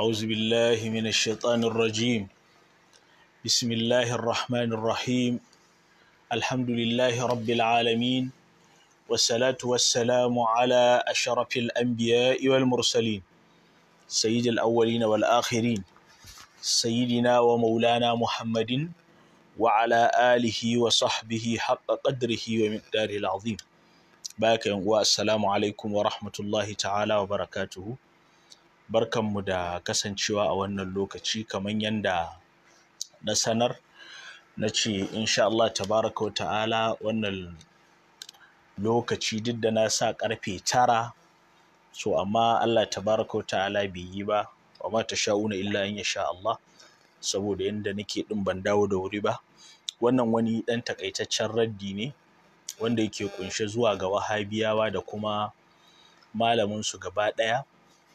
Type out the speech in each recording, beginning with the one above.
أعوذ بالله من الشيطان الرجيم بسم الله الرحمن الرحيم الحمد لله رب العالمين والصلاة والسلام على أشرف الأنبياء والمرسلين سيد الأولين والآخرين سيدنا ومولانا محمد وعلى آله وصحبه حق قدره ومقداره العظيم باكم والسلام عليكم ورحمة الله تعالى وبركاته Barkan mu da kasancewa a wannan lokaci kamar yadda na sanar na ce insha Allah tabaraka wa ta'ala wannan lokaci duk da na sa karfe tara so amma Allah tabaraka wa ta'ala bai yi ba amma ta sha'una illa in sha Allah saboda yadda nake ɗin ban dawo da wuri ba wannan wani ɗan takaitaccen raddi ne wanda yake ƙunshe zuwa ga wahabiyawa da kuma su gaba ɗaya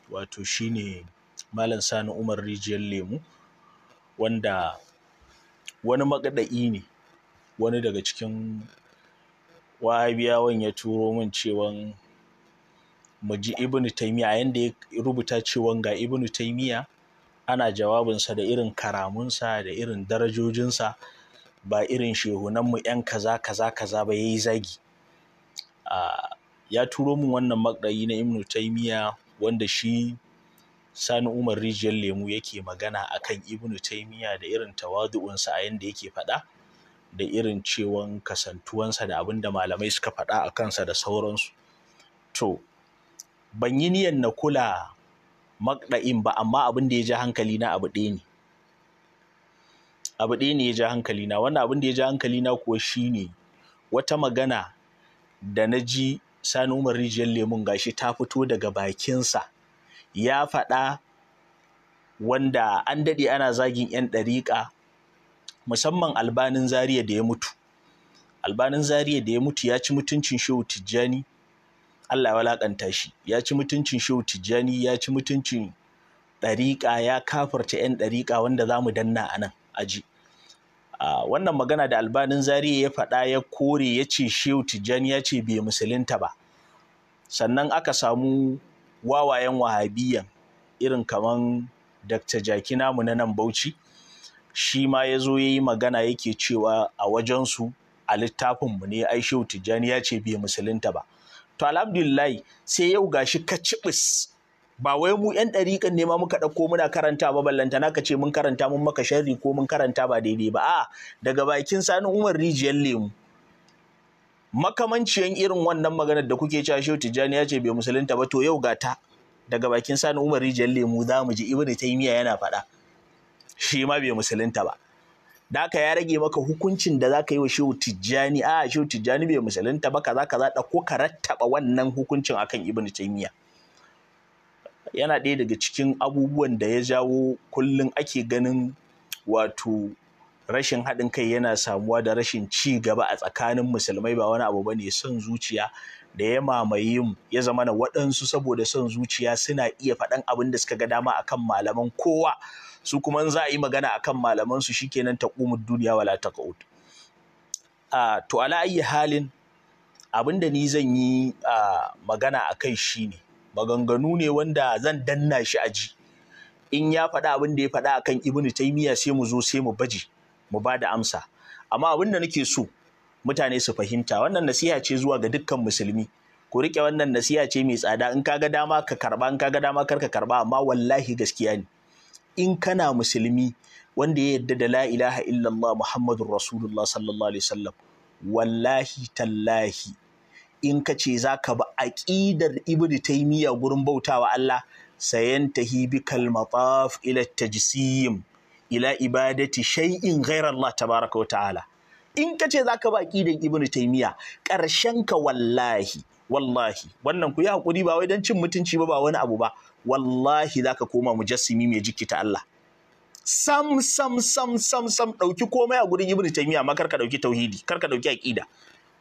wato shine Malam Sani Umar Rijiyar Lemu wanda wani maƙada'i ne wani daga cikin wahabiyawan ya turo min cewan mu ji ibnu taimiya yanda ya rubuta cewan ga ibnu taimiya ana jawabinsa da irin karamunsa da irin darajojinsa ba irin shehunanmu 'yan kaza kaza kaza ba ya yi zagi ah, ya turo min wannan maƙayi na ibnu taimiya wanda shi Sani Umar Rijiyar Lemu yake magana a akan Ibn miya da irin tawadu'unsa a yanda yake faɗa da irin cewan kasantuwansa da abin da malamai suka faɗa a kansa da sauransu. To, ban yi niyan na kula maɗa'in ba amma abin da ya ji hankali na abu ɗaya ne. Abu ɗaya ya ji hankali na wannan abin da ya ji hankali na kuwa shine wata magana da na ji sani umar rijiyar lemun gashi ta fito daga bakinsa ya faɗa wanda an daɗe ana zagin 'yan ɗariƙa musamman albanin zariya da ya mutu albanin zariya da ya mutu ya ci mutuncin shehu tijjani allah ya walakanta shi ya ci mutuncin shehu tijjani ya ci mutuncin ɗariƙa ya kafarta 'yan ɗariƙa wanda za mu danna a nan aji wannan magana da albanin zariya ya faɗa ya kore ya ce shehu tijjani ya ce bai musulunta ba sannan aka samu wawayen wahabiyan irin kaman dr jaki namu na nan bauchi shi ma ya zo ya yi magana yake cewa a wajensu a littafinmu ne ai shehu tijjani ya ce bai musulunta ba to alhamdulillah sai yau gashi ka kacibis ba wai mu yan ɗariƙan ne ma muka ɗauko muna karanta ba ballanta na ce mun karanta mun maka sharri ko mun karanta ba daidai ba a daga bakin Sani umar rijiyar lemu makamanciyan irin wannan maganar da kuke cewa shehu tijjani ya ce bai musulunta ba to yau ga ta daga bakin sani umar rijiyar lemu za mu ji ibnu taymiya yana faɗa shi ma bai musulunta ba da haka ya rage maka hukuncin da za ka yi wa shehu tijjani a shehu tijjani bai musulunta ba kaza kaza ɗauko ka rattaba wannan hukuncin akan ibnu taymiya yana ɗaya daga cikin abubuwan da ya jawo kullum ake ganin wato rashin haɗin kai yana samuwa da rashin ci gaba a tsakanin musulmai ba wani abu ba ne son zuciya da ya mamaye mu ya zama na waɗansu saboda son zuciya suna iya faɗan abin da suka ga dama akan malaman kowa su kuma za a yi magana akan malaman su shikenan ta ƙumud duniya wala ta a to ala halin abin da ni zan yi magana a kai shine maganganu ne wanda zan danna shi a ji in ya faɗa abin da ya faɗa akan ibnu taymiya sai mu zo sai mu baje mu ba da amsa amma abin da nake so mutane su fahimta wannan nasiha ce zuwa ga dukkan musulmi ku rike wannan nasiha ce mai tsada in kaga dama ka karba in kaga dama kar ka karba amma wallahi gaskiya ne in kana musulmi wanda ya yarda da la ilaha illallah muhammadur rasulullah sallallahu alaihi wasallam wallahi tallahi in ka ce za ka ba aƙidar ibn taimiyya gurin bautawa Allah sayan ta bi kalmataf ila tajsim ila ibadati shay'in ghairar Allah tabaraka wa ta'ala in ka ce za ka ba aƙidar ibn taimiyya ƙarshen ka wallahi wallahi wannan ku yi haƙuri ba wai don cin mutunci ba wani abu ba wallahi za ka koma mujassimi mai jikita Allah sam sam sam sam sam ɗauki komai a gurin ibn taimiyya ma kar ka ɗauki tauhidi kar ka ɗauki aƙida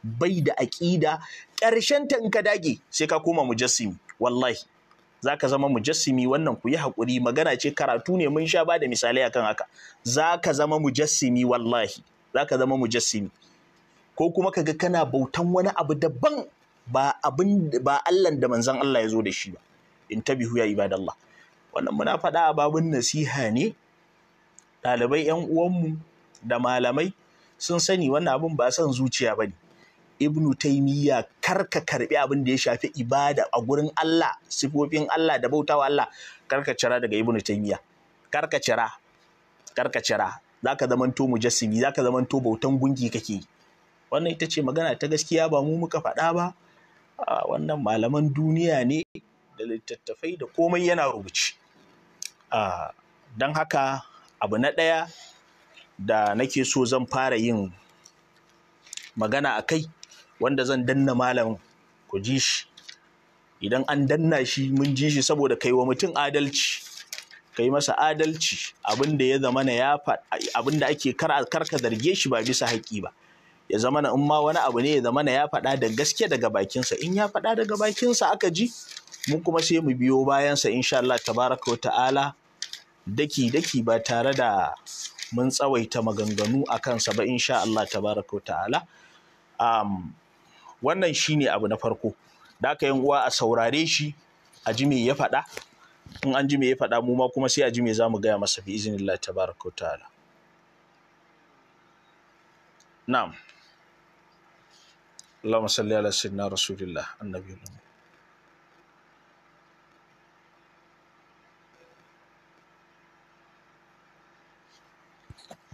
bai da aƙida ƙarshen ta in ka dage sai ka koma mujassimi wallahi za ka zama mujassimi wannan ku yi haƙuri magana ce karatu ne mun sha ba da misalai akan haka za ka zama mujassimi wallahi za ka zama mujassimi ko kuma ka ga kana bautan wani abu daban ba abin ba Allahn da manzon Allah ya zo da shi ba in tabihu ya ibadallah wannan muna faɗa a babun nasiha ne ɗalibai 'yan uwanmu da malamai sun sani wannan abin ba son zuciya ba ne ibnu taimiyya karka ka karbi abin da ya shafi ibada a gurin Allah sifofin Allah da bautawa Allah kar cira daga ibnu taimiyya kar ka cira kar ka cira zaka zamanto mujassimi zaka zamanto bautan gungi kake wannan ita ce magana ta gaskiya ba mu muka faɗa ba wannan malaman duniya ne da littattafai da komai yana rubuci don haka abu na ɗaya da nake so zan fara yin magana a kai wanda zan danna malam ku ji shi idan an danna shi mun ji shi saboda kai wa mutum adalci kai masa adalci abin da ya na ya abin da ake karka zarge shi ba bisa haƙi ba ya zama na in ma wani abu ne ya zamana ya faɗa da gaske daga bakinsa in ya faɗa daga bakinsa aka ji mun kuma sai mu biyo bayansa insha Allah tabaraka wa ta'ala daki daki ba tare da mun tsawaita maganganu a kansa ba insha Allah tabaraka wa ta'ala um, wannan shi ne abu na farko da aka yin uwa a saurare shi a ji me ya faɗa in an ji me ya faɗa mu ma kuma sai a ji me za mu gaya masa bi iznillah ta'ala na'am Allahumma ala sayyidina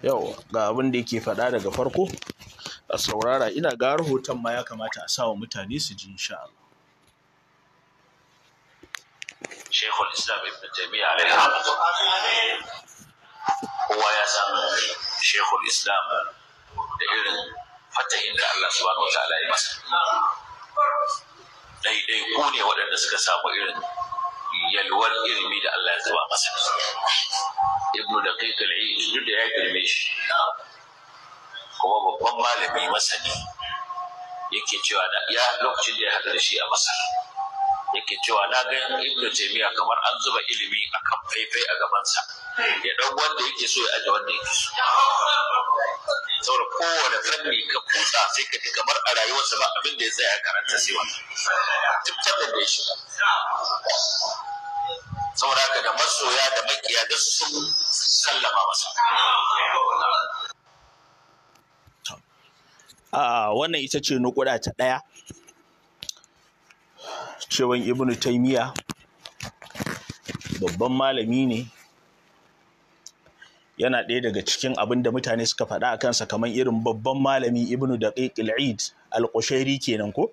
yau ga abin da yake faɗa daga farko a saurara ina ga rahoton ma ya kamata a sa wa mutane su ji insha Allah Sheikhul Islam Ibn Taymiyyah alaihi rahmatullah kowa ya san Sheikhul Islam da irin fatahin da Allah subhanahu wataala ya masa daidai ku ne waɗanda suka samu irin yalwar ilimi da Allah ya zuba masa ibnu daqiq al-eid duk da ya girme shi kuma babban malami masani yake cewa ya lokacin da ya haɗu da shi a masar yake cewa na ga ibnu taymiya kamar an zuba ilimi a kan faifai a gabansa ya dan wanda yake so ya aje wanda yake so saboda kowane fanni ka kusa sai ka ji kamar a rayuwarsa ba abin da ya tsaya karanta sai wani duk tabbar da ya shiga saboda haka da masoya da makiya da sun sallama masa Ah, wannan ita ce nukuda ta ɗaya cewan ibnu taimiya babban malami ne yana ɗaya daga cikin abin da mutane suka faɗa a kansa kamar irin babban malami ibnu da ƙilid alƙushairi kenan ko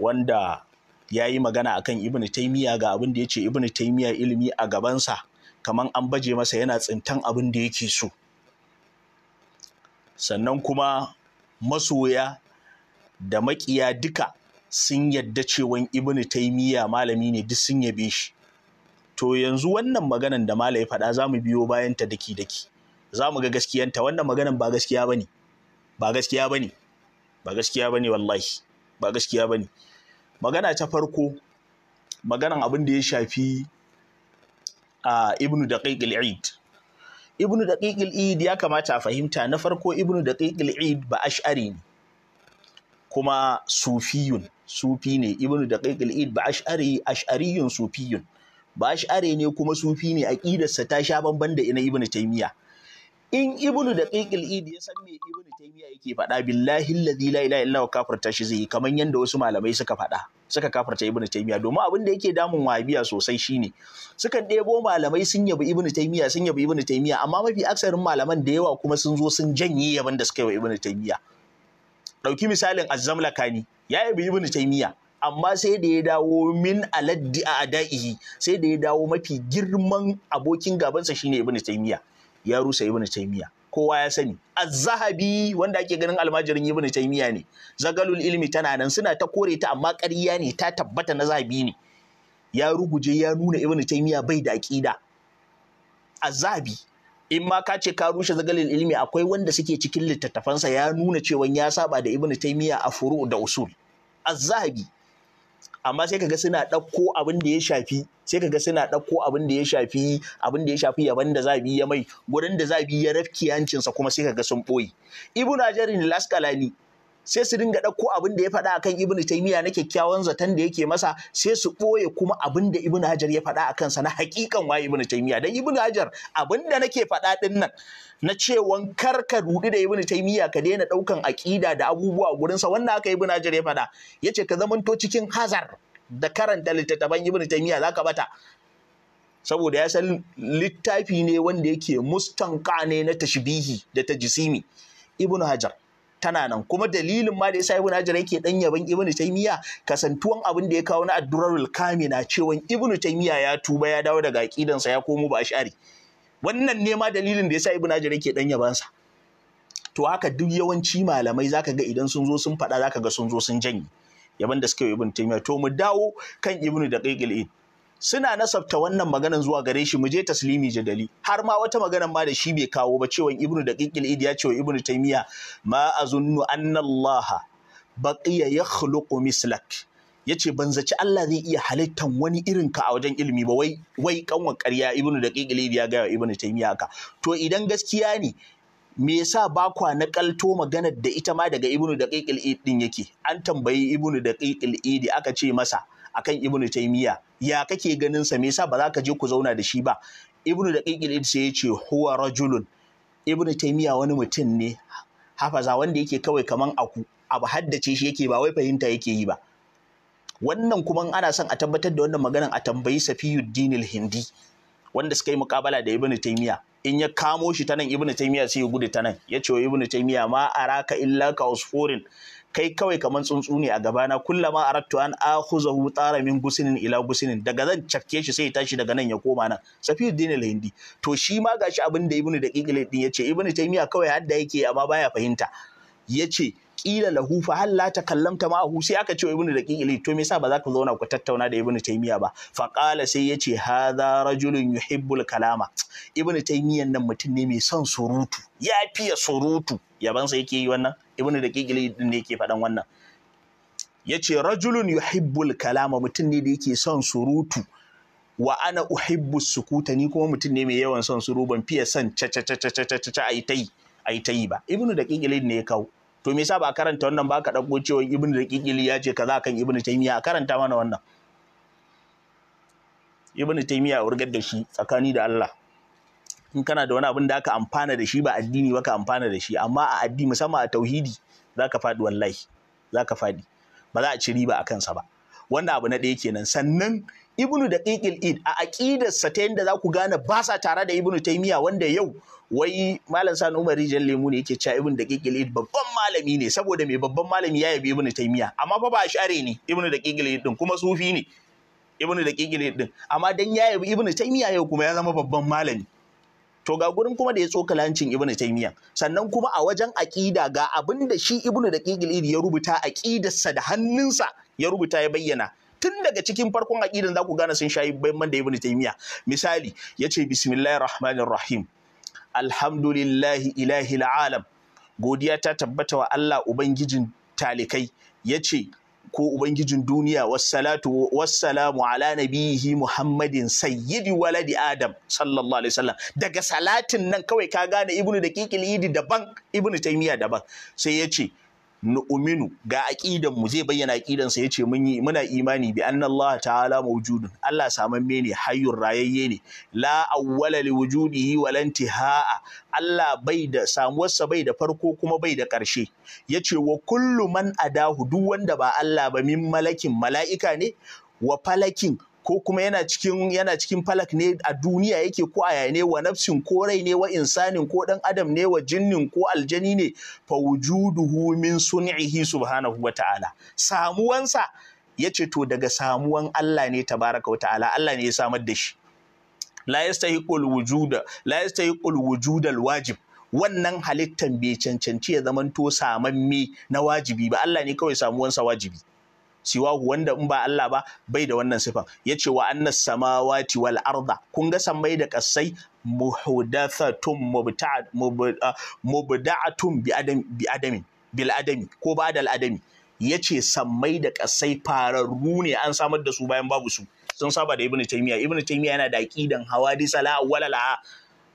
wanda ya yi magana akan ibnu taimiya ga abin da ya ce ibnu taimiya ilimi a gabansa kamar an baje masa yana tsintan abin da yake so sannan kuma masoya da makiya duka sun yadda cewan ibnu taimiyya malami ne duk sun yabe shi to yanzu wannan maganan da malai faɗa za mu biyo bayan ta daki daki za mu ga gaskiyanta wannan maganan ba gaskiya bane ba gaskiya bane ba gaskiya bane wallahi ba gaskiya bane magana ta farko maganan abin da ya shafi a ah, ibnu daqiq al-eid ibnu daqiqil id ya kamata a fahimta na farko ibnu daqiqil id ba ash'ari ne kuma sufiyun sufi ne ibnu daqiqil id ba ash'ari ash'ariyun sufiyun ba ash'ari ne kuma sufi ne aƙidarsa ta sha bamban da ina ibnu taymiya in ibnu da ƙiƙil idi ya san me ibnu taimiya yake faɗa billahi alladhi la ilaha illa kafirta shi zai kamar yanda wasu malamai suka faɗa suka kafirta ibnu taimiya domin abin da yake damun wahabiya sosai shine sukan ɗebo malamai sun yabi ibnu taimiya sun yabi ibnu taimiya amma mafi aksarin malaman da yawa kuma sun zo sun janye yaban da suka yi wa ibnu taimiya ɗauki misalin azzamlakani ya yabi ibnu taimiya amma sai da ya dawo min aladdi a adaihi sai da ya dawo mafi girman abokin gabansa shine ibnu taymiya ya rusa ibn taymiya kowa ya sani az-zahabi wanda ake ganin almajirin ibn taymiya ne zagalul ilmi tana nan suna ta kore ta amma ƙarya ne ta tabbata na zahabi ne ya ruguje ya nuna ibn taymiya bai da aqida az-zahabi in ma ka ce ka rushe zagalul ilmi akwai wanda suke cikin littattafansa ya nuna cewa ya saba da ibn taymiya a furu da usul az-zahabi amma sai kaga suna ɗauko abin da ya shafi sai kaga suna ɗauko abin da ya shafi abin da ya shafi yaban da zabi ya mai gurin da zabi ya rafke hancinsa kuma sai kaga sun ɓoye ibnu hajarin laskalani sai su dinga ɗauko abin da ya faɗa akan ibnu taimiyya na kyakkyawan zaton da yake masa sai su ɓoye kuma abin da ibnu hajar ya faɗa akan sa na hakikan wa ibnu taimiyya dan ibnu hajar abin da nake faɗa din nan na cewan kar ka rudi da ibnu taimiyya ka daina ɗaukan aƙida da abubuwa gurinsa wannan haka ibnu hajar ya faɗa ce ka zamanto cikin hazar da karanta littattafan ibnu za ka bata saboda ya san littafi ne wanda yake mustanka ne na tashbihi da tajsimi ibnu hajar tana nan kuma dalilin ma da yasa ibnu hajar yake dan yaban ibnu taymiya kasantuwan abin da ya kawo na addurarul kamina cewa ibnu taymiya ya tuba ya dawo daga sa ya komo ba ashari wannan ne ma dalilin da yasa ibnu hajar yake dan yabansa to haka duk yawanci malamai zaka ga idan sun zo sun faɗa zaka ga sun zo sun janye yaban da suka yi ibnu taymiya to mu dawo kan ibnu da qaqiqil suna nasabta wannan maganan zuwa gare shi muje taslimi jadali har ma wata maganan ma da shi bai kawo ba cewa ibnu da daqiqil idi ya cewa ibnu taymiya ma azunnu anna allaha baqiya yakhluqu mislak yace ban zaci Allah zai iya halittan wani irin ka a wajen ilimi ba wai wai karya ƙarya ibnu daqiqil idi ya ga ibnu taymiya ka to idan gaskiya ne me yasa ba kwa nakalto maganar da ita ma daga ibnu da daqiqil idi din yake an tambayi ibnu da daqiqil idi aka ce masa akan ibnu taymiya ya kake ganin sa me yasa ba za ka je ku zauna da shi ba ibnu da qaqil sai ya ce huwa rajulun ibnu taymiya wani mutum ne hafaza wanda yake kawai kaman aku abu haddace shi yake ba wai fahimta yake yi ba wannan kuma ana son a tabbatar da wannan maganar a tambayi safiyuddin hindi wanda suka yi mukabala da ibnu taymiya in ya kamo shi ta nan ibnu taymiya sai ya gudu ta nan ya ce wa ibnu taymiya ma araka illa ka usfurin kai kawai kamar tsuntsu ne a gabana kullama arattu an akhuzahu tara min gusinin ila gusinin daga zan cakke shi sai ya tashi daga nan ya koma nan safiuddin al-hindi to shi ma gashi abin da ibnu daqiqil din ce ibnu taymiya kawai hadda yake amma baya fahimta Ya ce. qila lahu fa hal la takallamta ma'ahu sai aka ce wa ibnu daqiq to me yasa ba za ka zauna ku tattauna da ibnu taymiya ba fa qala sai yace hadha rajulun yuhibbul kalama ibnu taymiyan nan mutum ne mai son surutu ya fiye surutu yabansa yake yi wannan ibnu daqiq din ne yake faɗan wannan yace rajulun yuhibbul kalama mutum ne da yake son surutu wa ana uhibbu sukuta ni kuma mutum ne mai yawan son suru ban fiye son cha cha cha cha cha a ta yi ba ibnu da ne ya kawo to me yasa ba karanta wannan ba ka dauko cewa ibnu daqiqili ya ce kaza kan ibnu taymiya a karanta mana wannan ibnu taymiya urgar da shi tsakani da Allah in kana da wani abin da aka amfana da shi ba addini ba ka amfana da shi amma a addini musamman a tauhidi zaka faɗi wallahi zaka faɗi ba za a ci riba a kansa ba wannan abu na ɗaya kenan sannan ibnu da id a aƙidarsa ta yadda za ku gane ba sa tare da ibnu taimiya wanda yau wai malam sani umar rijal lemu ne yake cewa ibnu da id babban malami ne saboda mai babban malami ya yabi ibnu taimiya amma fa ba share ne ibnu da id din kuma sufi ne ibnu da id din amma dan ya yabi ibnu taimiya yau kuma ya zama babban malami to ga gurin kuma da ya tsoka lancin ibnu taymiya sannan kuma a wajen aƙida ga abin da shi ibnu da id ya rubuta aƙidarsa da hannunsa ya rubuta ya bayyana tun daga cikin farkon aqidan za ku gane sun shayi bayan da ibn taymiya misali yace bismillahir rahmanir rahim alhamdulillahi ilahi alalam godiya ta tabbata wa Allah ubangijin talikai yace ko ubangijin duniya wassalatu wassalamu ala nabihi muhammadin sayyidi waladi adam sallallahu alaihi wasallam daga salatin nan kawai ka gane ibnu daqiqil idi daban ibnu taymiya daban sai yace nu'minu ga aqidan mu zai bayyana aqidan sa yace mun yi muna imani bi anna Allah ta'ala mawjudun Allah samamme ne hayyur rayayye ne la awwala li wujudihi wa la intihaa Allah bai da samuwar sa bai da farko kuma bai da karshe yace wa kullu man adahu duk wanda ba Allah ba min malakin mala'ika ne wa falakin ko kuma yana cikin yana cikin falak ne a duniya yake ko a ne wa nafsin ko rai ne wa insanin ko dan adam ne wa jinnin ko aljani ne fa wujuduhu min sun'ihi subhanahu wa ta'ala samuwansa yace to daga samuwan Allah ne tabaraka wa ta'ala Allah ne ya samar da shi la yastahiqul wujuda la yastahiqul wujudal wajib wannan halittan bai cancanci ya zamanto samamme na wajibi ba Allah ne kawai samuwansa wajibi siwahu wanda in ba Allah ba bai da wannan sifan yace wa annas samawati wal arda kun ga sammai da kasai muhdathatun ah, mubda'atun bi adam bi adami bil adami ko ba da adami yace sammai da kasai fararru ne an samar da su bayan babu su sun saba da ibnu taymiya ibnu taymiya yana da aqidan hawadisa la awwala laha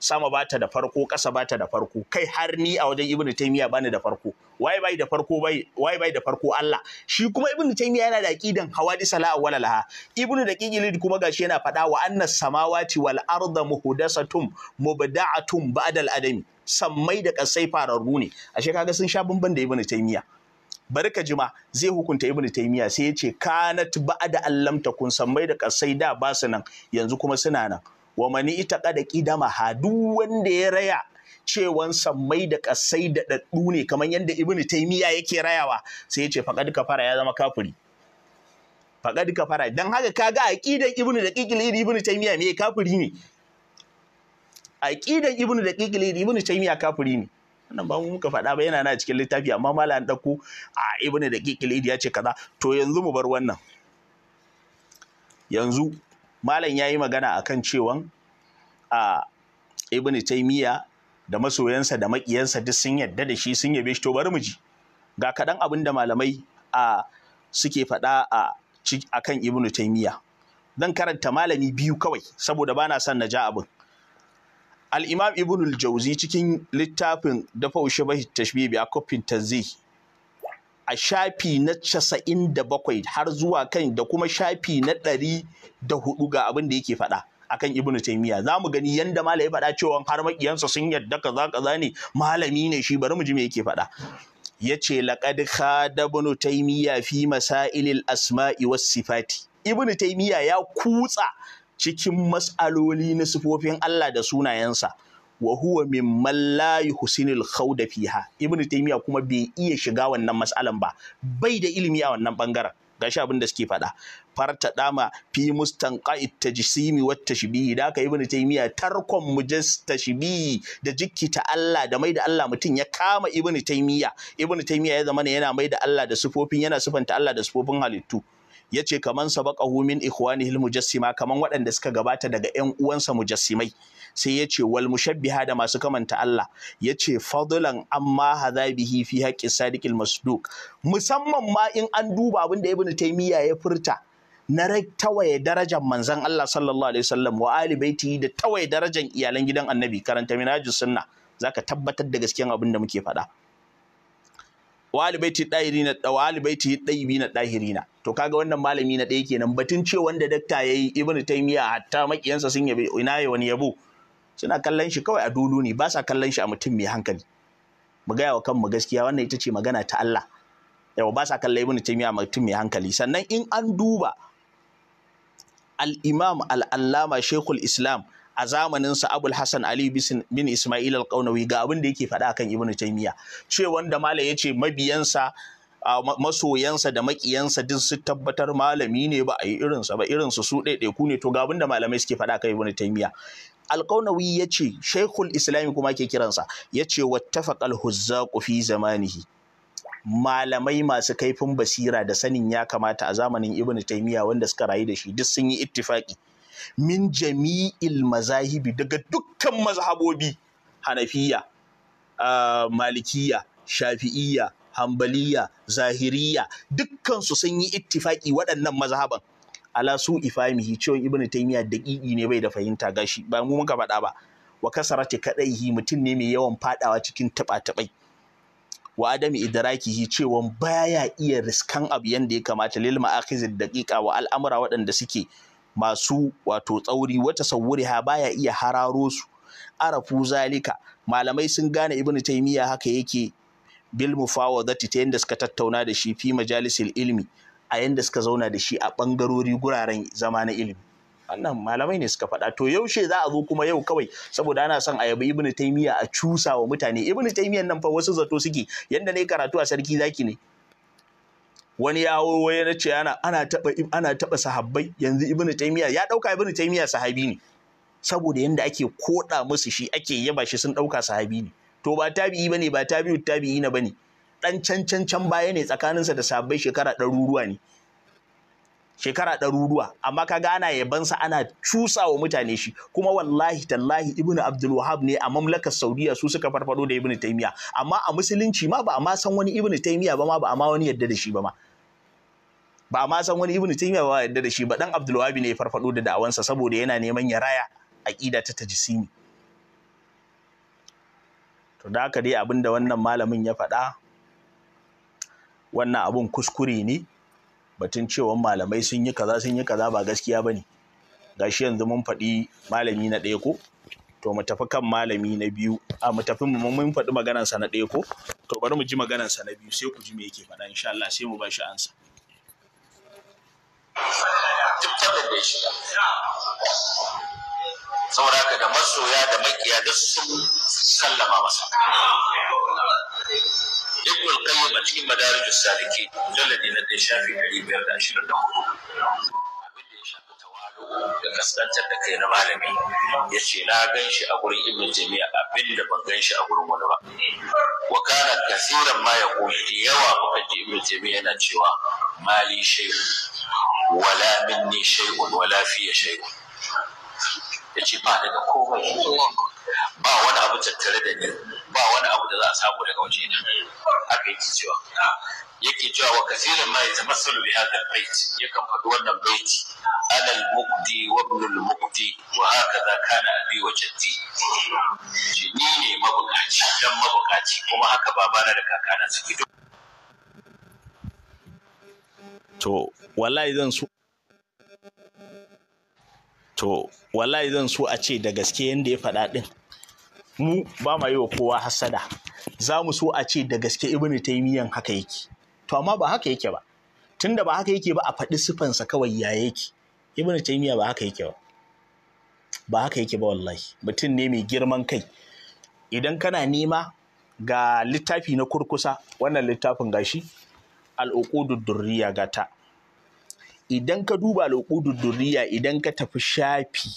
sama bata da farko ƙasa bata da farko kai har ni a wajen ibnu taymiya bani da farko wai bai da farko bai wai bai da farko Allah shi kuma ibnu taymiya yana da aqidan hawadisa la awwala laha ibnu daqiqilid kuma gashi yana faɗa wa annas samawati wal arda muhdasatum mubda'atum ba'da al adami sammai da kasai fararru ne ashe kaga sun sha bamban da ibnu taymiya bari ka jima zai hukunta ibnu taymiya sai ya ce kanat ba'da allam takun sammai da kasai da basu nan yanzu kuma suna nan wa mani ita kada kidama ha duk wanda ya raya cewan sammai da kasai da daddu ne kamar yadda ibnu taymiya yake rayawa sai ya ce faqad kafara ya zama kafiri faqad kafara dan haka kaga aqidan ibnu da kikili ibnu taymiya me kafiri ne aqidan ibnu da kikili ibnu taymiya kafiri ne wannan ba mu muka faɗa ba yana na cikin littafi amma malam ɗauko a ibnu da kikili ya ce kaza to yanzu mu bar wannan yanzu malam ya yi magana akan cewan a ibn taimiya da masoyansa da makiyansa duk sun yadda da shi sun yabe shi to bari mu ji ga kaɗan abin da malamai a suke faɗa a akan ibn taimiya zan karanta malami biyu kawai saboda bana son na ja abin al-imam ibn al-jawzi cikin littafin dafa ushabahi tashbihi bi akofin tanzih a shafi na casa'in da bakwai har zuwa kan da kuma shafi na ɗari da hudu ga abin da yake faɗa akan ibnu taymiya za mu gani yadda malami faɗa cewa har makiyansa sun yadda kaza kaza ne malami ne shi bari mu ji me yake faɗa yace laqad khada ibnu taymiya fi masailil asma'i was sifati ibnu taymiya ya kutsa cikin mas'aloli na sifofin Allah da sunayensa wa huwa mimman la yuhsinul khawda fiha ibnu taymiya kuma bai iya shiga wannan mas'alan ba bai da ilimi a wannan bangaren gashi abin da suke faɗa farta dama fi mustanqa tajsimi wat tashbihi da ka ibnu taymiya tarkon mujas tashbihi da ta Allah da mai da Allah mutum ya kama ibnu taymiya ibnu taymiya ya zama yana mai Allah da sufofin yana sufanta Allah da sufofin halittu yace kaman sabaqahu min ikhwanihi Mujassima, kamar waɗanda suka gabata daga ƴan uwansa mujassimai sai yace wal mushabbiha da masu kamanta Allah yace fadlan amma hadha fi haqqi sadiqil masduq musamman ma in an duba abin da ibnu taymiya ya furta na rai tawaye darajar manzon Allah sallallahu alaihi wasallam wa ali baiti da tawaye darajar iyalan gidan annabi karanta minajus sunna zaka tabbatar da gaskiyan abin da muke faɗa wa alibaiti dahirina wa na to kaga wannan malami na ɗaya kenan batun ce wanda dakta yi, ibnu taimiyya, hatta makiyansa sun yabe ina ya wani yabo suna kallon shi kawai a dulu ne ba sa kallon shi a mutum mai hankali mu gaya wa kanmu gaskiya wannan ita ce magana ta Allah yawa ba sa kallon ibn taimiyya a mutum mai hankali sannan in an duba al-imam al-allama shaykhul islam a zamanin sa Abul Hassan Ali bin Ismail al-Qaunawi ga abin da yake faɗa kan Ibn Taymiya ce wanda malam yace mabiyansa masoyansa da makiyansa duk su tabbatar malami ne ba a yi sa. ba irin su su ku ne to ga abin da malamai suke faɗa kan Ibn Taymiya al ya ce shaikhul Islam kuma ke kiransa ya ce wattafaƙal huzzaqu fi zamanihi malamai masu kaifin basira da sanin ya kamata a zamanin Ibn taimiya wanda suka rayu da shi duk sun yi ittifaki min jami'il mazahibi daga dukkan mazhabobi hanafiya ah, malikiya shafi'iyya hambaliya zahiriya dukkan su sun yi ittifaki waɗannan mazhaban ala su ifamihi cewa ibnu taymiya daƙiƙi ne bai da fahimta gashi ba mu muka faɗa ba wa kasarati kadaihi mutum ne mai yawan faɗawa cikin taɓa-taɓai wa adami idrakihi cewa baya iya riskan abu yanda ya kamata lil ma'akhizid daqiqa wa al'amura waɗanda suke masu wato tsauri wata ha baya iya hararo su arafu zalika malamai sun gane ibnu taymiya haka yake bil mufawadati ta yanda suka tattauna da shi fi majalisil ilmi a yanda suka zauna da shi a bangarori guraren zama na ilmi wannan malamai ne suka faɗa to yaushe za a zo kuma yau kawai saboda ana son a yabi ibnu taymiya a cusa wa mutane ibnu taymiyan nan fa wasu zato suke yanda ne karatu a sarki zaki ne wani ya waye na ce ana ana taba ana taba sahabbai yanzu ibnu taymiya ya dauka ibnu taymiya sahabi ne saboda yanda ake koda musu shi ake yaba shi sun dauka sahabi ne to ba tabi'i bane ba tabi'u tabi'i na bane dan can can can baya ne tsakaninsa da sahabbai shekara ruwa ne shekara ɗaruruwa amma ka gana yabansa ana cusa wa mutane shi kuma wallahi tallahi ibnu abdul ne a mamlakar saudiya su suka farfado da ibnu taymiya amma a musulunci ma ba a ma san wani ibnu taymiya ba ma ba a ma wani yadda da shi ba ma ba a ma san wani ibnu taymiya ba yadda da shi ba dan abdul ne ya farfado da da'awansa saboda yana neman ya raya aqida ta tajsimi to da haka dai abinda wannan malamin ya faɗa wannan abun kuskure ne batun cewa malamai sun yi kaza sun yi kaza ba gaskiya ba ne gashi yanzu mun faɗi malami na ɗaya ko to mu tafi kan malami na biyu a mu tafi mu, mun faɗi maganarsa na ɗaya ko to bari mu ji maganarsa na biyu sai ku ji me yake faɗa insha Allah sai mu ba shi ansa da saboda haka da masoya da makiya duk sun sallama masa ibn al-qayyim a cikin madarijus saliki mujalladi na ɗaya shafi ɗari biyar da ashirin da hudu abin da ya shafi tawadu da kaskantar da kai na malami ya ce na gan shi a gurin ibn jami'a abin da ban gan shi a gurin wani ba wa kana kasiran ma ya koyi yawa muka ji ibn jami'a yana cewa mali shay'un wala minni shay'un wala fiye shay'un ya ce ba daga komai ba wani abu tattare da ni ba wani abu da za a samu daga waje ne haka yake cewa yake cewa wa kasirin ma ya yatamassalu bi hadha al-bait yakan faɗi wannan bait alal muqdi wa ibn wa muqdi wa hakaza kana abi wa jaddi ni ne mabukaci dan mabukaci kuma haka babana da kakana suke to wallahi zan su to wallahi zan so a ce da gaske yadda ya faɗa ɗin mu ba ma yi wa kowa hasada za mu so a ce da gaske ibnu yi haka yake to amma ba haka yake ba tunda ba haka yake ba a faɗi sifansa kawai ya yake ibnu yi ba haka yake ba ba haka yake ba wallahi mutum ne mai girman kai idan kana nema ga littafi na kurkusa wannan littafin gashi al'uqudud durriya gata idan ka duba al'uqudud durriya idan ka tafi shafi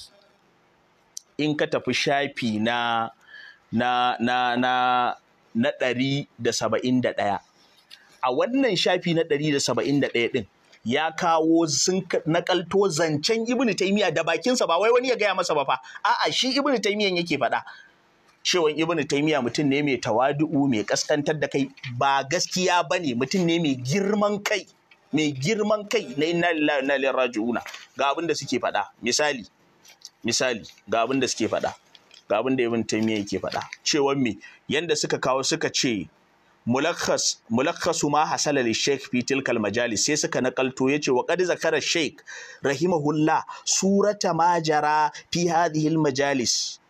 in ka tafi shafi na na na na na ɗari da saba'in da ɗaya a wannan shafi na ɗari da saba'in da ɗaya ɗin ya kawo sun nakalto zancen ibnu taimiya da bakinsa ba wai wani ya gaya masa ba fa a'a shi ibnu taimiyan yake faɗa Cewa ibnu taimiya mutum ne mai tawadu'u mai kaskantar da kai ba gaskiya bane mutum ne mai girman kai mai girman kai na inna lillahi wa inna ilaihi raji'una ga abin da suke faɗa misali misali ga abin da suke faɗa ga abin da ibn taymiya yake faɗa cewa me yanda suka kawo suka ce mulakhasu ma hasala li sheikh Majalis tilkal majalis sai suka nakalto yace wa qad zakara sheikh rahimahullah surata majara jara fi hadhihi majalis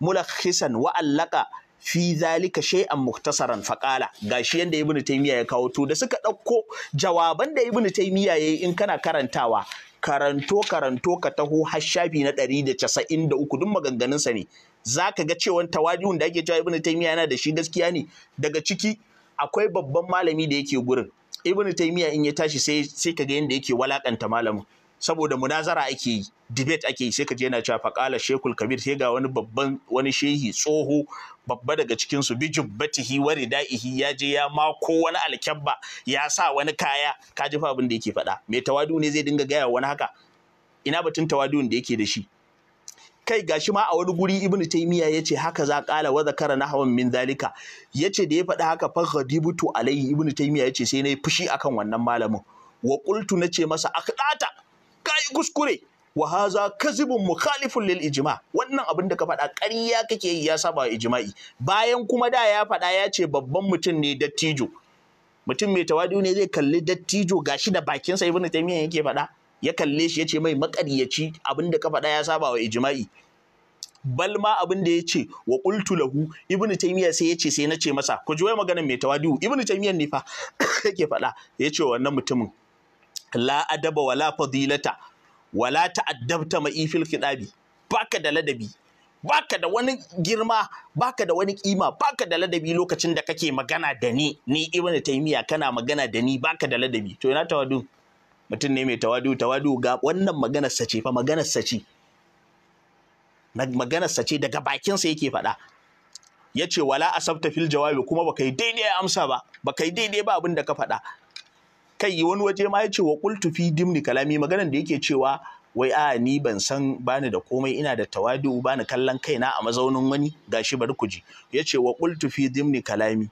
mulakhisan wa allaka fi zalika shay'an muhtasaran faqala gashi yanda ibn taymiya ya kawo to da suka dauko jawaban da ibn taymiya yayi in kana karantawa karanto karanto ka taho har shafi na 193 duk maganganunsa ne za ka ga cewan tawajuhun da ake cewa ibnu taimiya yana da shi gaskiya ne daga ciki akwai babban malami da yake gurin ibnu taimiya in ya tashi sai sai ka ga yanda yake walakanta malamin saboda munazara ake yi debate ake yi sai ka je yana cewa faqala shekul kabir sai ga wani babban wani shehi tsoho babba daga cikin su bi jubbatihi wa ridaihi ya je ya ma ko wani alkyabba ya sa wani kaya ka ji fa abin da yake faɗa mai tawadu ne zai dinga gaya wani haka ina batun tawadun da yake da shi kai gashi ma a wani guri ibn taymiya yace haka za kala wa zakara nahwan min zalika yace da ya faɗi haka fa ghadibtu alayhi ibn taymiya yace sai nayi fushi akan wannan malamin wa qultu nace masa akdata kai kuskure wa haza kazibun mukhalifun lil ijma wannan abin da ka faɗa ƙarya kake yi ya saba wa ijma'i bayan kuma da ya faɗa yace babban mutum ne dattijo mutum mai tawadu ne zai kalli dattijo gashi da bakinsa ibn taymiya yake faɗa ya kalle shi ya ce mai maƙaryaci abin da ka faɗa ya saba wa ijma'i bal ma abin da ya ce wa ƙultu lahu ibn taymiya sai ya ce sai na ce masa ku ji wai maganar mai tawadu ibn taymiya ne fa yake faɗa ya ce wannan mutumin la adaba wala fadilata wala ta'addabta ma'ifil khidabi baka da ladabi baka da wani girma baka da wani kima baka da ladabi lokacin da kake magana da ni ni ibn taymiya kana magana da ni baka da ladabi to ina tawadu mutum ne mai tawadu tawadu ga wannan maganar sace ce fa maganar sace ce maganar sace daga bakin sa yake faɗa yace wala asabta fil jawabi kuma baka yi daidai amsa ba baka yi daidai ba abin da ka faɗa kai yi wani waje ma yace wa qultu fi dimni kalami maganar da yake cewa wai a ni ban san bani da komai ina da tawadu ni kallon kaina a mazaunin wani gashi bari ku ji yace wa qultu fi dimni kalami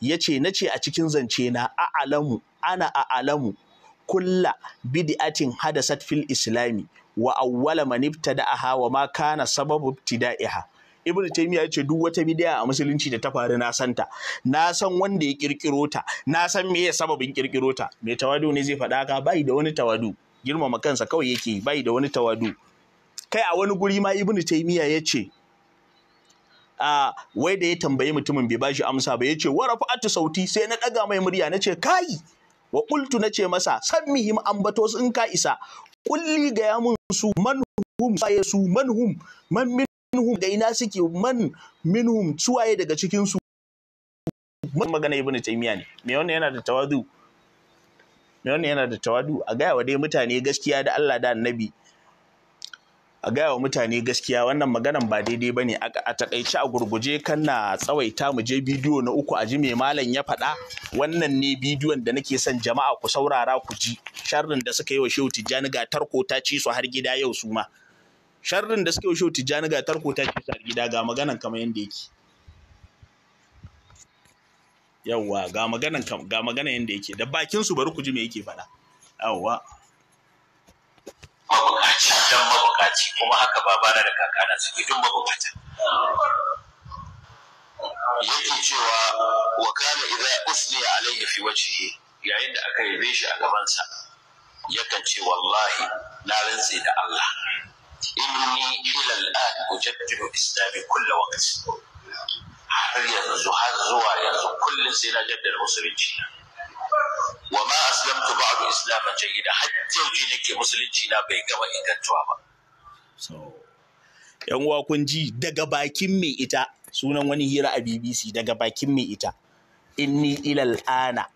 yace nace a cikin zance na a'alamu ana a'alamu kulla bid'atin hadasat fil islami wa awwala man ibtada'aha wa ma kana sababu ibtida'iha ibnu taymiya yace duk wata bid'a a musulunci da ta faru na santa na san wanda ya kirkiro ta na san meye sababin kirkiro ta me tawadu ne zai faɗa ka bai da wani tawadu girmama kansa kawai yake bai da wani tawadu kai a wani guri ma ibnu taymiya yace a wai da ya tambayi mutumin bai bashi amsa ba yace wa rafa'atu sauti sai na daga mai murya Na nace kai wa na ce masa sammihim ambato su in ka isa kulli ga ya mun su manhum saye su manhum man minhum da ina suke man minhum suwaye daga cikin su magana ibnu taymiya ne me wannan yana da tawadu me wannan yana da tawadu a gaya wa dai mutane gaskiya da Allah da annabi a gaya wa mutane gaskiya wannan maganan ba daidai ba ne a takaice a gurguje kan na tsawaita mu je bidiyo na uku a ji mai malam ya faɗa wannan ne bidiyon da nake son jama'a ku saurara ku ji sharrin da suka yi wa shehu tijjani ga tarko ta ci su har gida yau su ma sharrin da suka yi wa shehu tijjani ga tarko ta ci su har gida ga maganan kamar yadda yake yawwa ga maganan ga maganan yadda yake da bakin su bari ku ji me yake faɗa yawwa mabukaci dan mabukaci kuma haka babana da kakana suke duk mabukata yake cewa wa kana idza usniya alayhi fi wajhihi yayin da aka yabe shi a gabansa yakan ce wallahi na rantse da Allah inni ila al'an ujaddidu islami kulla waqt har yanzu har zuwa yanzu kullum sai na jaddada musulunci na wa ma aslamtu ba'du islaman jayyida hajji yauci nake musulunci na bai gama ingantuwa ba yan uwa kun ji daga bakin mai ita sunan wani hira a BBC daga bakin mai ita inni ilal ana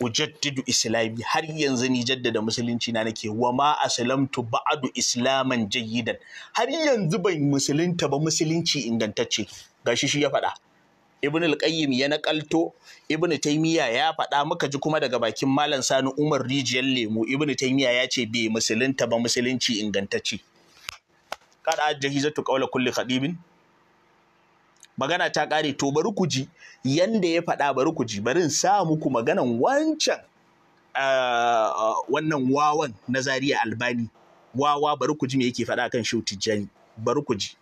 ujaddidu islami har yanzu ni jaddada musulunci na nake wa ma aslamtu ba'du islaman jayyidan har yanzu ban musulunta ba musulunci ingantacce gashi shi ya faɗa ibn al-qayyim ya nakalto ibn taymiya ya faɗa muka ji kuma daga bakin malam sani umar rijiyar lemu ibn taymiya ya ce bai musulunta ba musulunci ingantacce kada ajjahizatu qawla kulli khadibin magana ta kare to bari ku ji yanda ya faɗa bari ku ji Barin sa muku maganan wancan ah, wannan wawan na Zariya albani wawa bari ku ji me yake faɗa kan shehu bari ku ji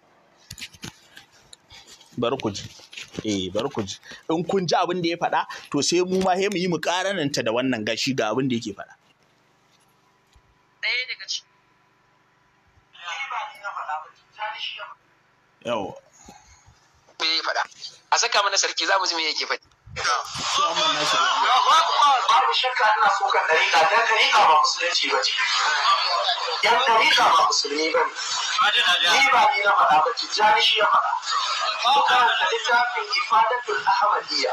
bari ku ji eh bar ku ji in kun ji abin da ya faɗa to sai mu ma sai mu yi mu ta da wannan gashi ga abin da yake faɗa yau sarki za musulmi ba ne ba ni na faɗa ba shi ya faɗa buga littafin ifadatul ahmadiyya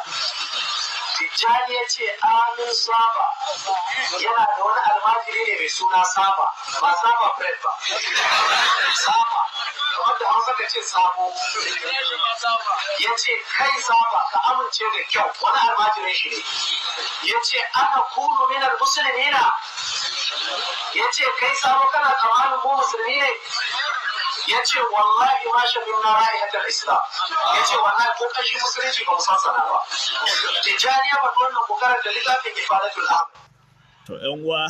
tijjani ya ce amin saba yana da wani almajiri ne mai suna saba ba saba fred ba saba wanda hausa ka ce sabo ya ce kai saba ka amince da kyau wani almajirin shi ne ya ce ana kunu minar musulmi na ya ce kai sabo kana tsammanin mu musulmi ne Yace wallahi ma shafin na ra'ihatul islam yace wallahi ko kashi musulunci ba musansana ba tijaniya ba wannan kokarin da littafin ifadatul am to yan uwa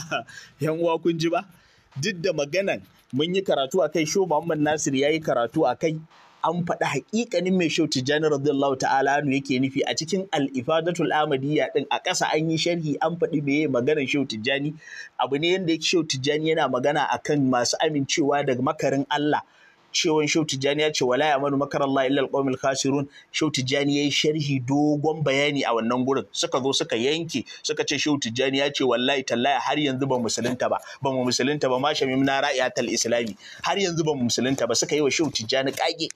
yan uwa kun ji ba duk da maganan mun yi karatu a kai sho Muhammad Nasir ya yi karatu a kai an faɗi haƙiƙanin mai shau Tijjani radiyallahu ta'ala hannu yake nufi a cikin al-ifadatul amadiyya din a ƙasa an yi sharhi an faɗi meye maganar shau Tijjani abu ne yanda shau Tijjani yana magana akan masu amincewa daga makarin Allah Cewan Shehu Tijjani ya ce wala makar Allah illa alqawmul khasirun Shehu Tijjani yayi sharhi dogon bayani a wannan gurin suka zo suka yanke suka ce Shehu Tijjani ya ce wallahi tallahi har yanzu ba musulunta ba ba mu musulunta ba ma shamim na ra'iyatul islami har yanzu ba mu musulunta ba suka yi wa Shehu Tijjani kage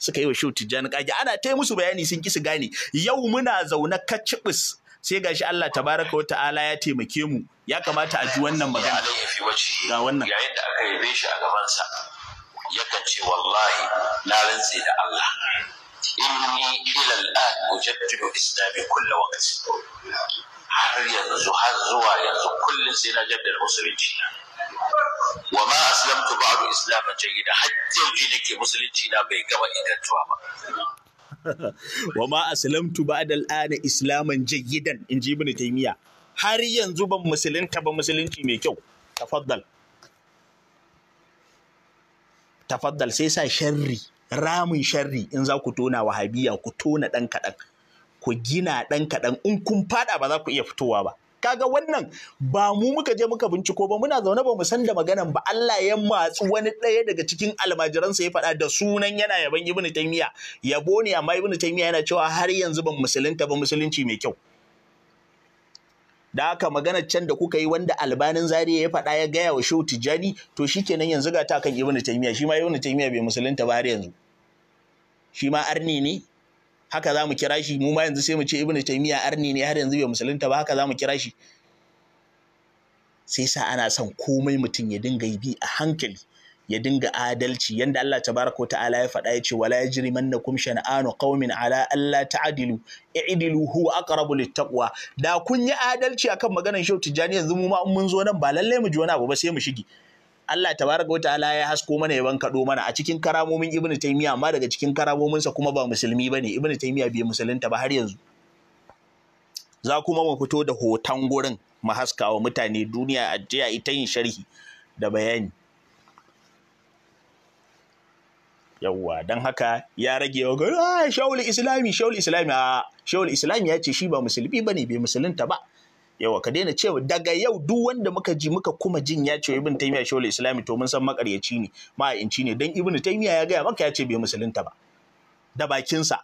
suka yi wa Shehu Tijjani kage ana ta musu bayani sun ki su gane yau muna zaune kacibis sai gashi Allah tabaraka wa ta'ala ya taimake mu ya kamata a ji wannan magana ga wannan yayin da aka yabe shi a gaban sa. yakan ce wallahi na rantse da Allah inni ila al'an ujaddidu islami kullu waqti har yanzu har zuwa yanzu kullum sai na jaddada musulunci na wa ma aslamtu ba'du islaman jayyida hatta yanzu nake musulunci na bai gama idantuwa ba wa ma aslamtu ba'da al'ana islaman jayyidan in ji ibn taymiya har yanzu ban musulunta ba musulunci mai kyau tafaddal tafaddal sai sa sharri ramin sharri in za ku tona wahabiya ku tona ɗan kaɗan ku gina ɗan kaɗan in kun faɗa ba za ku iya fitowa ba kaga wannan ba mu muka je muka binciko ba muna zaune ba mu san da maganan ba Allah ya matsu wani ɗaya daga cikin almajiransa ya faɗa da sunan yana yaban ibnu taymiya yabo ne amma ibnu taymiya yana cewa har yanzu ban musulunta ba musulunci mai kyau da aka magana can da kuka yi wanda albanin zariya ya faɗa ya gaya wa shehu tijjani to shikenan yanzu ga ta kan ibnu taymiya shi ma ibnu taymiya bai musulunta ba har yanzu shi ma arni ne haka za mu kira shi mu ma yanzu sai mu ce ibnu taymiya arni ne har yanzu bai musulunta ba haka za mu kira shi sai sa ana son komai mutum ya dinga yi bi a hankali ya dinga adalci yanda Allah tabaraka ta'ala ya faɗa ya ce wala yajrimannakum shan'anu qaumin ala alla ta'dilu i'dilu huwa aqrabu littaqwa da kun yi adalci akan maganar shau Tijjani yanzu mu ma mun zo nan ba lallai mu ji wani abu ba sai mu shige Allah tabaraka wa ta'ala ya hasko mana yawan kado mana a cikin karamomin Ibn Taymiya amma daga cikin karamominsa kuma ba musulmi bane Ibn Taymiya bai musulunta ba har yanzu za kuma mu fito da hoton gurin mu haska mutane duniya a ita yin sharhi da bayani yawwa don haka ya rage wa gari ah shawul islami shawul islami a shawul islami ya ce shi ba musulmi bane bai musulunta ba yawa ka daina cewa daga yau duk wanda muka ji muka kuma jin ya ce ibn taymiya shawul islami to mun san makaryaci ne ma'ainci ne dan ibn taymiya ya gaya maka ya ce bai musulunta ba da bakinsa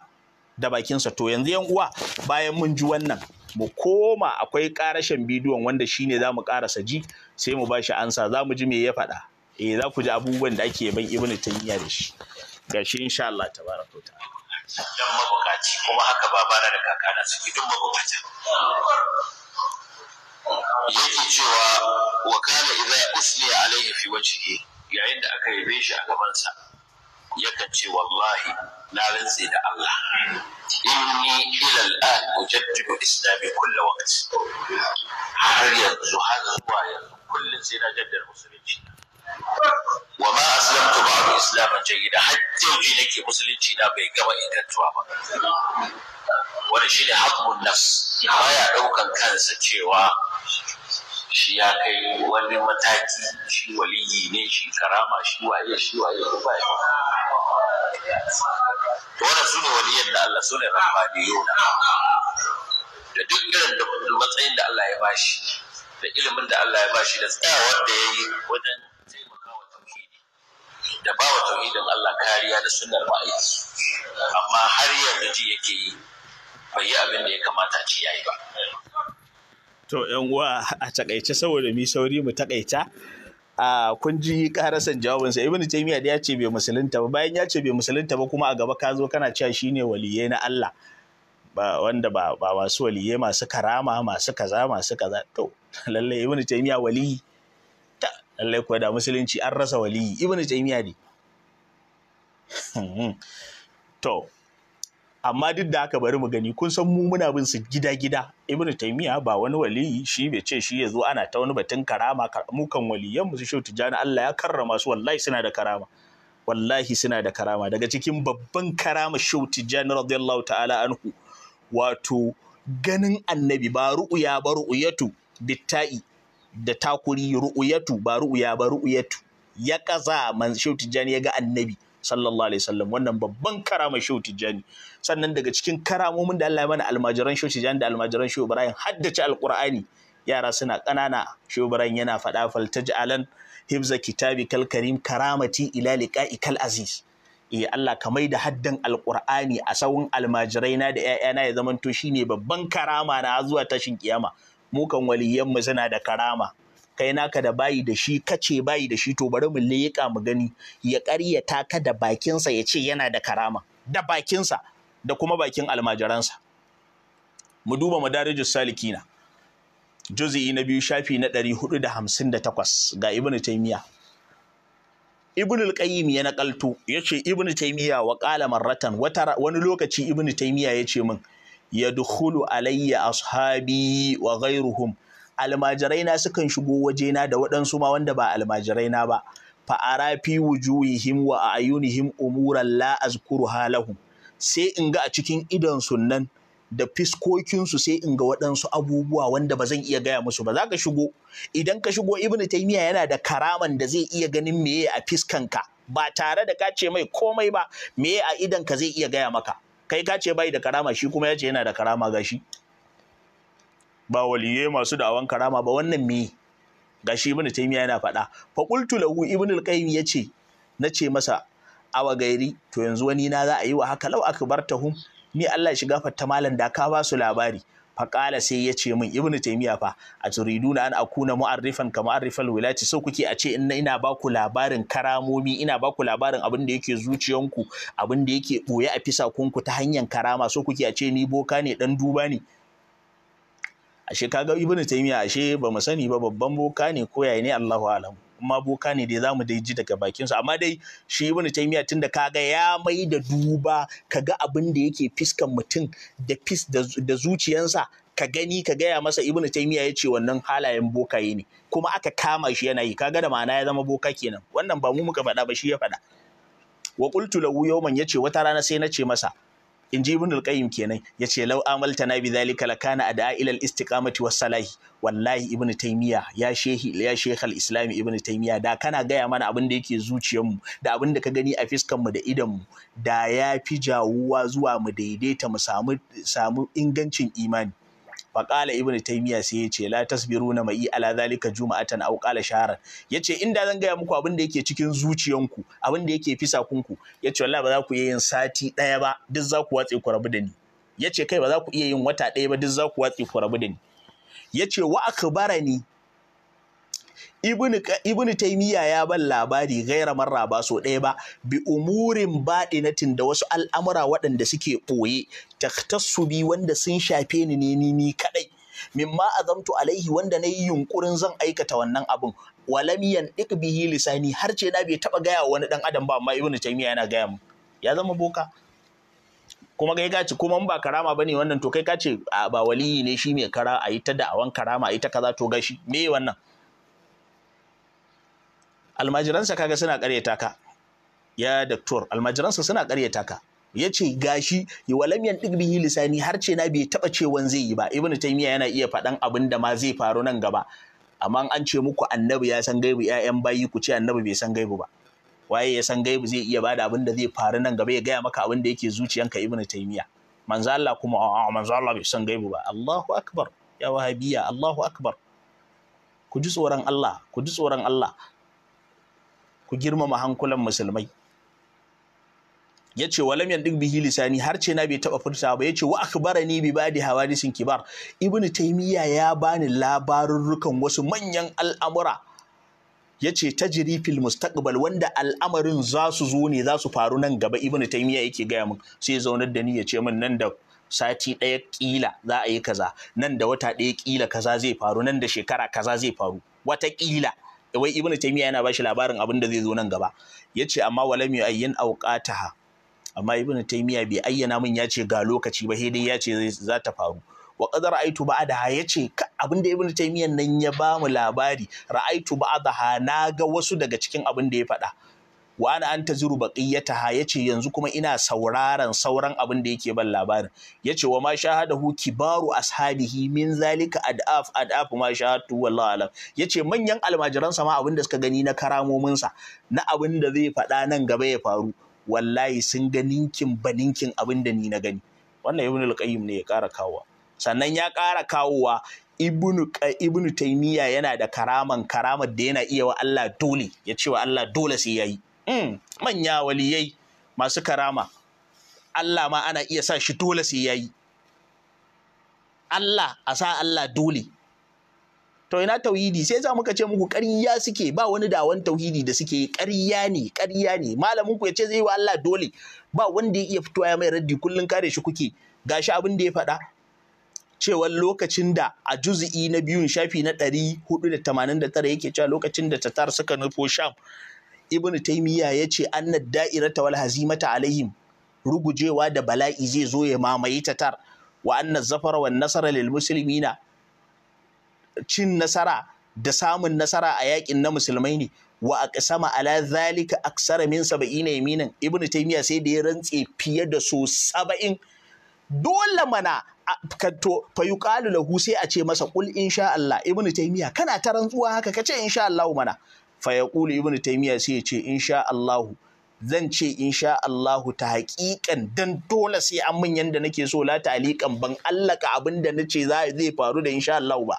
da bakinsa to yanzu yan uwa bayan mun ji wannan mu koma akwai karashen bidiyon wanda shine za mu karasa ji sai mu ba shi ansa za mu ji me ya faɗa eh za ku ji abubuwan da ake ban ibnu taymiya da shi gashi insha Allah tabaraka ta'ala Don mabukaci kuma haka babana da kakana suke duk mabukata yake cewa wa kana idza usni alayhi fi wajhihi yayin da aka yabe shi a gabansa yakan ce wallahi na rantse da Allah inni ila al'an ujaddidu islami kullu waqt har yanzu har zuwa yanzu kullun sai na jaddada musulunci wa ma aslamtu ba'du islaman jayyida hatta yau nake musulunci na bai gama ingantuwa ba wani shi ne haƙƙun nafs baya ɗaukan kansa cewa shi ya kai wani mataki shi waliyi ne shi karama shi waye shi waye ba ya wannan su ne waliyan da Allah su ne rabbaniyuna da duk irin da matsayin da Allah ya bashi da ilimin da Allah ya bashi da tsayawar da ya yi wajen da ba wa tauhidin Allah kariya da sunnar ma'aiki amma har yanzu ji yake yi bai yi abin da ya kamata ce yayi ba to yan uwa a takaice saboda mi sauri mu takaita a kun ji karasan jawabinsa ibnu taymiya da ya ce bai musulunta ba bayan ya ce bai musulunta ba kuma a gaba ka zo kana cewa shine waliyai na Allah ba wanda ba ba masu waliyai masu karama masu kaza masu kaza to lalle ibnu taymiya waliyi lallai kuwa da musulunci an rasa waliyi ibnu taymiya ne hmm. to amma duk da aka bari mu gani kun san mu muna bin su gida gida ibnu taymiya ba wani waliyi shi bai ce shi ya zo ana ta wani batun karama mu kan waliyan mu su shi tijani Allah ya karrama su wallahi suna da karama wallahi suna da karama daga cikin babban karama shehu tijani radiyallahu ta'ala anhu wato ganin annabi ba ru'uya ba ru'uyatu bitta'i da takuri ru'uyatu ba ru'uya ba ru'uyatu ya kaza man shehu tijjani ya ga annabi sallallahu alaihi wasallam wannan babban karama shehu tijjani sannan daga cikin karamomin da Allah ya mana almajiran shehu tijjani da almajiran shehu ibrahim haddace alqur'ani yara suna kanana. shehu ibrahim yana faɗa taj'alan hibza kitabi kal karim karamati ila liqa'i kal aziz eh Allah ka maida haddan alqur'ani a sawun almajirai na da yayana ya zamanto shine babban karama na zuwa tashin kiyama mukan waliyanmu suna da karama kai naka da bayi da shi kace bayi da shi to bari mu leƙa mu gani ya ƙaryata ka da bakinsa ya ce yana da karama da bakinsa da kuma bakin almajiransa mu duba madarijus salikina juz'i na biyu shafi na 458 ga ibnu taymiya ibnu al-qayyim ya nakalto yace ibnu taymiya wa qala marratan wani lokaci ibnu ya yace min yadkhulu alayya ashabi wa ghayruhum almajirai na sukan shigo waje na da waɗansu ma wanda ba almajirai na ba fa arafi wujuhihim wa ayunihim umuran la azkuru sai in ga a cikin idon sunnan da fiskokinsu sai in ga waɗansu abubuwa wanda ba zan iya gaya musu ba za ka shigo idan ka shigo ibnu taimiya yana da karaman da zai iya ganin meye a fiskan ka. ba tare da ka ce mai komai ba meye a idan ka zai iya gaya maka kai ka ce bai da karama shi kuma ya ce yana da karama gashi ba waliyai masu da'awan karama ba wannan me gashi ibn taymiya yana faɗa fa qultu lahu ibn al-qayyim yace nace masa awa gairi to yanzu wani na za a yi wa haka lau akbartahum ni Allah ya shiga fatta malan da ka ba su labari faƙala sai ya ce min ibnu taimiya fa a turiduna an akuna mu'arrifan ka mu'arrifal wilati so kuke a ce in ina baku labarin karamomi ina baku labarin abin da yake zuciyanku abin da yake ɓoye a fisakunku ta hanyar karama so kuke a ce ni boka ne dan duba ne ashe kaga ibnu taimiya ashe ba mu sani ba babban boka ne ko ne Allahu alamu amma boka ne dai zamu dai ji daga bakin su amma dai shi ibn taymiya tunda kaga ya mai da duba ka ga abin da yake fiskan mutum da fis da zuciyansa ka gani ka gaya masa ibnu taymiya ya ce wannan halayen bokaye ne kuma aka kama shi yana yi kaga da ma'ana ya zama boka kenan wannan ba mu muka faɗa ba shi ya faɗa wa qultu lahu yawman yace wata rana sai na ce masa in ji ibn al-qayyim kenan yace law amalta na la lakana ad'a ila al-istiqamati was salahi wallahi ibn taymiya ya shehi ya shekh al-islam ibn taymiya da kana gaya mana abin da yake zuciyar mu da abin da ka gani a fiskan mu da idan mu da ya fi jawuwa zuwa mu daidaita mu samu samu ingancin imani faƙala ibnu taymiya sai ya ce la tasbiruna mai ala zalika tana aw qala shaharan yace inda zan gaya muku abin da yake cikin zuciyanku abin da yake fisa kunku yace wallahi ba za ku iya yin sati ɗaya ba duk za ku watse ku rabu da ni yace kai ba za ku iya yin wata ɗaya ba duk za ku watse ku rabu da ni yace wa ne. ibnu taimiyya ya ban labari gaira marra ba so ɗaya ba bi umurin baɗinatin da wasu al'amura waɗanda suke ɓoye taktassu bi wanda sun shafe ni ne ni ni kaɗai a azamtu alaihi wanda na yi yunkurin zan aikata wannan abin walamiyan ɗik bihi lisani har ce na bai taɓa gaya wani ɗan adam ba amma ibnu taimiyya yana gaya mu ya zama boka kuma kai kace kuma ba karama bane wannan to kai kace ba waliyi ne shi mai kara a yi ta da'awan karama a yi ta kaza to gashi me wannan almajiransa kaga suna karyata ka ya doktor almajiransa suna karyata ka ya ce gashi yi walamiyan ɗigbihi lisani har ce na bai taɓa cewan zai yi ba ibnu taimiya yana iya faɗan abin da ma zai faru nan gaba amma an ce muku annabi ya san gaibu ƴaƴan bayi ku ce annabi bai san gaibu ba waye ya san gaibu zai iya bada abin da zai faru nan gaba ya gaya maka abin da yake zuciyanka ibnu taimiya manzo Allah kuma a'a manzo Allah bai san gaibu ba Allahu akbar ya wahabiya Allahu akbar ku ji tsoron Allah ku ji tsoron Allah ku girmama hankulan musulmai yace walam duk bihi lisani har ce na bai taba furta ba yace wa ni bi badi hawadisin kibar ibnu taymiya ya bani labarurrukan wasu manyan al'amura yace tajri fil mustaqbal wanda al'amarin za su zo ne za su faru nan gaba ibnu taymiya yake gaya min sai zaunar da ni yace min nan da sati ɗaya ƙila za a yi kaza nan da wata ɗaya kila kaza zai faru nan da shekara kaza zai faru wata ƙila. wai ibnu taymiya yana bashi labarin abin da zai zo nan gaba yace amma walam yu'ayyin awqataha amma ibnu taymiya bai ayyana min yace ga lokaci ba dai yace za ta faru wa qad ra'aytu ba'daha yace abin da ibnu taymiya nan ya ba mu labari ra'aytu ba'daha na ga wasu daga cikin abin da ya faɗa wa ana an taha ya ce yanzu kuma ina sauraron sauran abin da yake ban labarin Ya ce wa ma shahadahu kibaru ashabihi min zalika adaf adaf ma shahadtu wallahi alam Ya ce manyan almajiransa ma abin da suka gani na karamominsa na abin da zai faɗa nan gaba ya faru wallahi sun ga ninkin baninkin abin da ni na gani wannan ibn al ne ya ƙara kawowa sannan ya ƙara kawowa ibnu ibnu taymiya yana da karaman karamar da yana iya wa Allah dole ya ce wa Allah dole sai yayi Mm. manya waliyai masu karama Allah ma ana iya sa shi dole sai yayi Allah a sa Allah dole to ina tauhidi sai za muka ce muku ƙarya suke ba wani da wani tauhidi da suke ƙarya ne ƙarya ne malamin ku ya ce zai wa Allah dole ba wanda ya iya fitowa ya mai raddi kullun kare shi kuke gashi abin da ya faɗa Cewa lokacin da a juzi'i na biyun shafi na ɗari yake cewa lokacin da tatar suka nufo sham ibn taimiyya ya ce annad da'irata wal hazimata alaihim rugujewa da bala'i zai zo ya mamaye tatar wa annaz zafara wan nasara lil muslimina cin nasara da samun nasara a yakin na musulmai ne wa aqsama ala zalika aksara min 70 yaminin ibnu taimiyya sai da ya rantse fiye da so 70 dole mana to fa lahu sai a ce masa kul insha Allah ibn kana ta rantsuwa haka kace insha Allah mana fayakulu Ibn ibnu taymiya sai ya ce insha Allah zan ce insha Allah ta haƙiƙan dan dole sai an min yanda nake so la taliƙan ban allaka abin da nace zai faru da insha Allah ba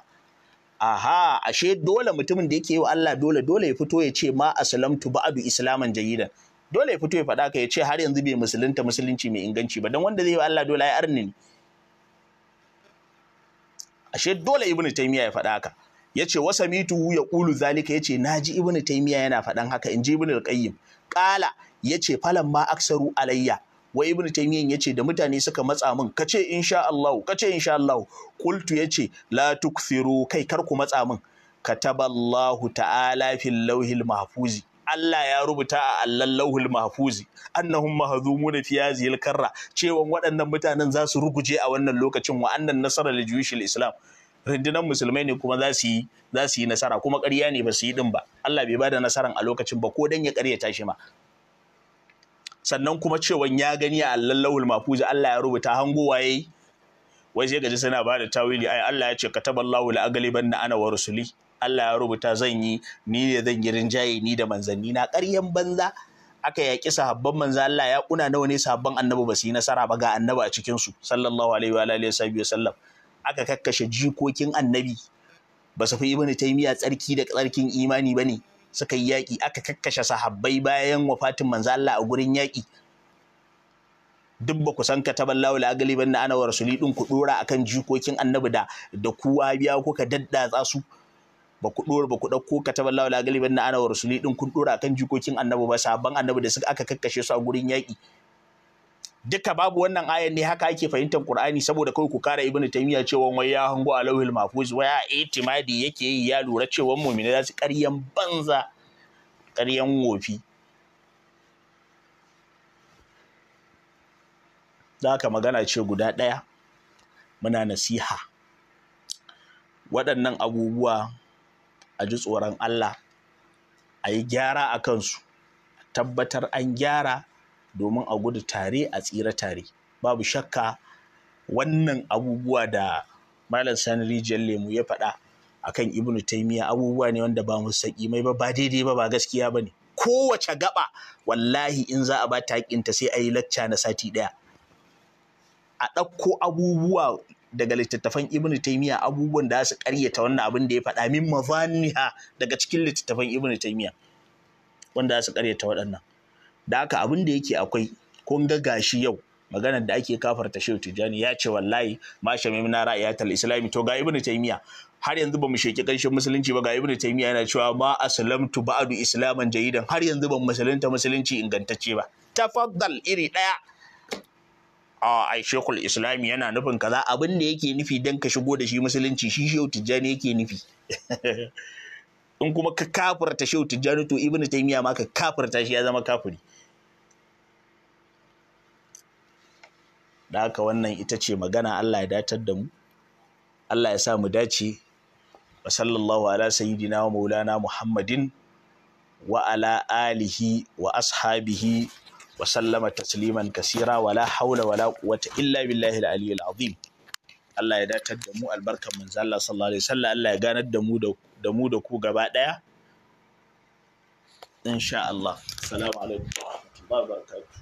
aha ashe dole mutumin da yake yi wa Allah dole dole ya fito ya ce ma aslamtu ba'du islaman jayyidan dole ya fito ya faɗa ka ya ce har yanzu bai musulunta musulunci mai inganci ba don wanda zai yi wa Allah dole ya arni ne ashe dole ibnu taymiya ya faɗa ka ya ce wasa mitu ya ƙulu zalika ya ce na ji ibn taimiya yana faɗan haka in ji ibn alƙayyim ƙala ya ce falan ma aksaru alayya wa ibn taimiyan ya ce da mutane suka matsa min ka ce insha Allah ka ce insha Allah kultu ya ce la tuksiru kai kar ku matsa min Ka kataballahu ta'ala fil lauhil mahfuzi Allah ya rubuta a allan lauhul mahfuzi annahum mahzumuna fi hadhihi karra cewa waɗannan mutanen za su ruguje a wannan lokacin wa annan nasara li islam rundunar musulmai ne kuma za su yi nasara kuma karya ne ba su yi din ba Allah bai bada nasaran a lokacin ba ko dan ya ta shi ma sannan kuma cewan ya gani a lallawul mafuzi Allah ya rubuta hango waye wai sai gaji suna bada tawili ai Allah ya ce kataballahu la aghlibanna ana wa rusuli Allah ya rubuta zan yi ni ne zan yi rinjaye ni da manzanni na ƙaryan banza aka yaƙi sahabban manzo Allah ya kuna nawa ne sahabban annabi ba su yi nasara ba ga annabi a cikin su sallallahu alaihi wa alihi wa sallam aka kakkashe jikokin annabi ba su fi ibn taymiya tsarki da tsarkin imani ba ne suka yi yaƙi aka kakkashe sahabbai bayan wafatin manzo Allah a gurin yaƙi duk ba ku san ka kataban lawul ban na ana rasuli din ku dora akan jikokin annabi da da kuwa biya kuka daddatsa su ba ku dora ba ku dauko kataban lawul ban na ana rasuli din kun dora akan jikokin annabi ba sabban annabi da suka aka kakkashe su a gurin yaƙi duka babu wannan ayan ne haka ake fahimtar Qur'ani saboda kai ku kara Ibn Taymiya cewa wai ya hango a alawil mahfuz wai a itimadi yake yi ya lura cewa mu'mini za su ƙaryan banza ƙaryan wofi da ka magana ce guda ɗaya muna nasiha waɗannan abubuwa a ji tsoron Allah a yi gyara a kansu tabbatar an gyara domin a gudu tare a tsira tare babu shakka wannan abubuwa da malam sani rijiyar lemu ya faɗa akan ibnu taimiyya. abubuwa ne wanda ba musaƙi mai ba ba daidai ba ba gaskiya ba ne kowace gaba wallahi in za a ba ta sai a yi lacca na sati ɗaya a ɗauko abubuwa daga littattafan ibnu taimiyya, abubuwan da su karyata wannan abin da ya faɗa min mafaniha daga cikin littattafan ibnu taimiyya. wanda su karyata waɗannan da haka abin da yake akwai kun ga gashi yau maganar da ake kafarta shehu tijani ya ce wallahi ma shamim na ra'ayatul islami to ga ibnu taymiya har yanzu ba mu sheki ƙarshen musulunci ba ga ibnu taymiya yana cewa ma aslamtu ba'du islaman jayidan har yanzu ban musulunta musulunci ingantacce ba tafaddal iri daya a ai shekul islami yana nufin kaza abin da yake nufi dan ka shigo da shi musulunci shi shehu tijani yake nufi in kuma ka kafarta shehu tijjani to ibnu taymiya ma ka kafarta shi ya zama kafiri da haka wannan ita ce magana Allah ya datar da mu Allah ya sa mu dace wa sallallahu ala sayyidina wa maulana muhammadin wa ala alihi wa ashabihi wa sallama tasliman kasira wala haula wala quwwata illa billahi al-aliyyil azim Allah ya datar da mu albarkan manzo Allah sallallahu alaihi wasallam Allah ya ganar da mu da mu da ku gaba daya insha Allah. Salamu alaikum wa rahmatullahi wa barakatuh.